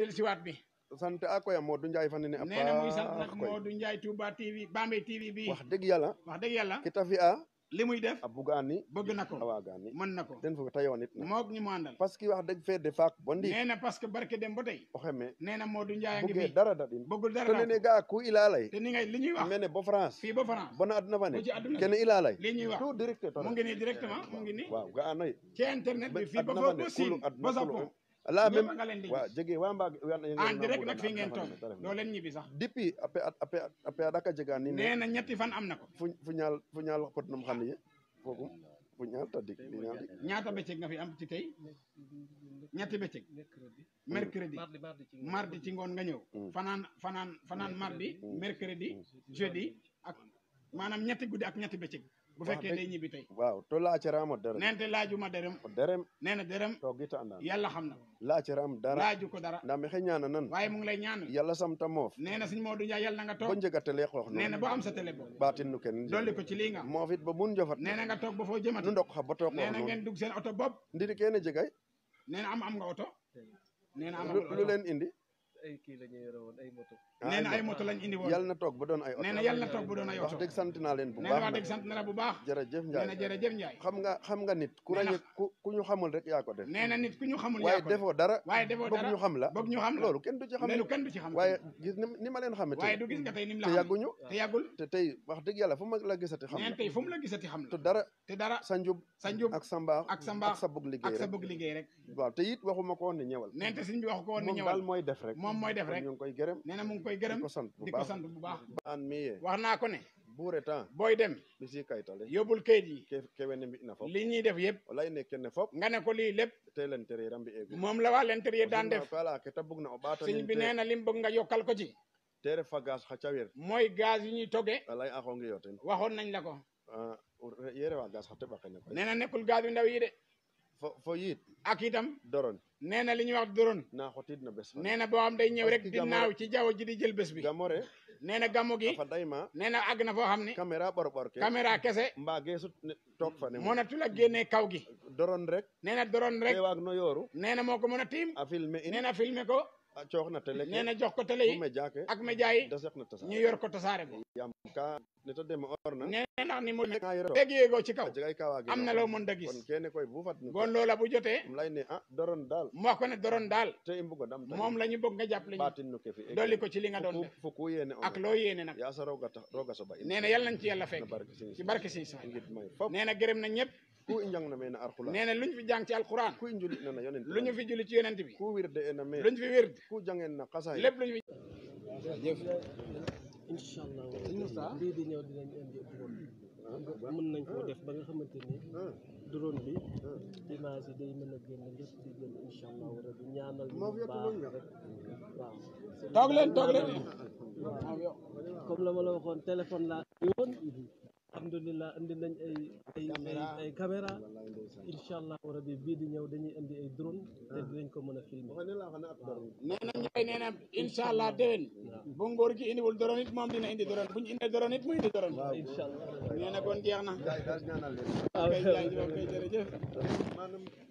dellu siwaat bi sant ak koy Modou Ndiaye a nee na muy sant nag Modou TV bi wax dëgg yàlla wax dëgg yàlla ki tafi a li def a bugaani bëgg na ko a waagaani mën na ko den fo tayoon it na parce que wax dëgg fee de que barke dem ba tey oxeme nee na Modou Ndiaye a ngi fi dara dadin bëggul ne gaa ku ilaa bo France bona aduna fa ne kene ilaa lay tout direct mu ngi directement mu ngi nii ga anoy ci internet bi fii ba ba la même wa jege wamba ande rek nak fi ngeen toog doo leen ñibi sax depuis après après après adaka jegaan ni néna ñetti fan amna ko fu ñal fu ñaal pot nam xamni fofu fu ñal ta dik di ñaal dik ñaata nga fi am ci tay ñetti bëccëg mercredi mardi ci ngone nga ñew mm. fanan fanan fanan mardi mm. mercredi jeudi ak manam ñetti guddi ak ñetti bëccëg bu fekkee day ñibbi tey waaw to laaciraama dara nente laajuma derem derem nee na derem to gita andan yàlla xam na laaciraam dara laaju ko dara ndaa mexe ñaana nan waaye mu ngi lay ñaan yàlla sam ta moof nee na suñ Modou Ndiaye yàlla na nga toog bo njega télé xoox nee na am sa télé bo baatin nu ken ko ci lii na nga toog ba foo jëmat nu ndok xa ba toog nee na ngeen dugg jegay nee na am am nga oto na am lu leen indi ay kii la ñu yore woon ay moto. nee na ay moto lañ indi woon yal na toog ba doon ay oto nee na yal na toog ba doon ay oto wax dëgg sant naa leen bu baax nee na wax dëgg sant na la bu baax jërëjëf Ndiaye nee na jërëjëf Ndiaye xam nga xam nga nit ku ràññee ku ñu xamul rek yaa ko def nee na nit ku ñu xamul yaa ko def waaye defoo dara waaye defoo dara bëgg ñu xam la bëgg ñu xam la loolu kenn du ci xam loolu kenn du ci xam waaye gis ni ma leen xamee waaye du gis nga tey ni mu la te yàgguñu te yàggul te tey wax dëgg yàlla fu ma la gisati xam la tey fu mu la gisati xam la te dara te dara sa njub sa njub ak sa mbaax ak sa mbaax ak sa bëgg liggéey rek waaw te it waxuma ko woon ne ñëwal nee na te sëñ bi waxu ko woon ne ñëwal moom daal mooy def rek moom mooy def rek ñu ngi koy gërëm nee na mu ngi koy gërëm di ko sant bu baax di ko sant bu baax an miye wax naa ko ne buure temps booy dem li si kayitale yóbbul kayit yi kewene mbi na fop li ñuy def yëpp walay ne kenne fop nga ne ko lii lépp te l'intérieur mbi eegu moom la waa l'intérieur daan def kala ke ta na o ɓaata sëñ bi nee na lim bëgg nga yokkal ko ci te ref fa gaz xa cawir mooy gaz yu ñuy toggee walay axo ngi yo ten waxoon nañ la ko ah, yere wa gaz xa teɓa xene koy nee na nekkul gaz yu fo yit ak itam doron neena na wax doron na xotit na bes neena bo am day ñew rek di naaw ci jaww ji di jël bes bi gamore neena gamu gi fa dayma neena ag na fo xamni camera bor bor ke camera kesse mba geesu tok fa ne mo na tula gene kaw gi doron rek neena doron rek waag no yoru neena moko moo ko mën a filmer neena filmer ko a ah, coox na télé jox ko télé yi ak média yi ñu yor ko tasaare ko yam ka ne to deme or na nee na ni mu léegi yéegoo ci kaw am na loo mën da gis kene loola bu jotee ah, doron daal ko ne i moom la ñu nga jàppale ñu dolli ko ci li doon def ak loo yéene nag yaa sa na yàlla nañ ci yàlla fekk ci barke siñ sa nee na na ñëpp ku i jang na a alquran nee na luñ fi jàng ci alquran ku lu ñu fi juli ci yonent bi ku wirde ena mee luñ fi wird ku jangeen na xasaay lépp luñ fi jëf incha allah lii di ñëw dinañ indi drone mën nañ koo def ba nga xamante ni drone bi image yi day mën a génn ñëpp di génn incha allah rabi ñaanal ñu baax rek waaw toog leen toog leen comme la ma la waxoon téléphone laa yoon alhamdulilah indi nañ ay ay ay caméra incha allahu rabi bii di ñëw dañuy indi ay drone te ah. dinañ ko mën a filmer nee na ñooy nee na incha allah déwén bu ngóor gi indiwul drone it moom dina indi drone bu ñu indee mu indi drone incha allah nee na jeex na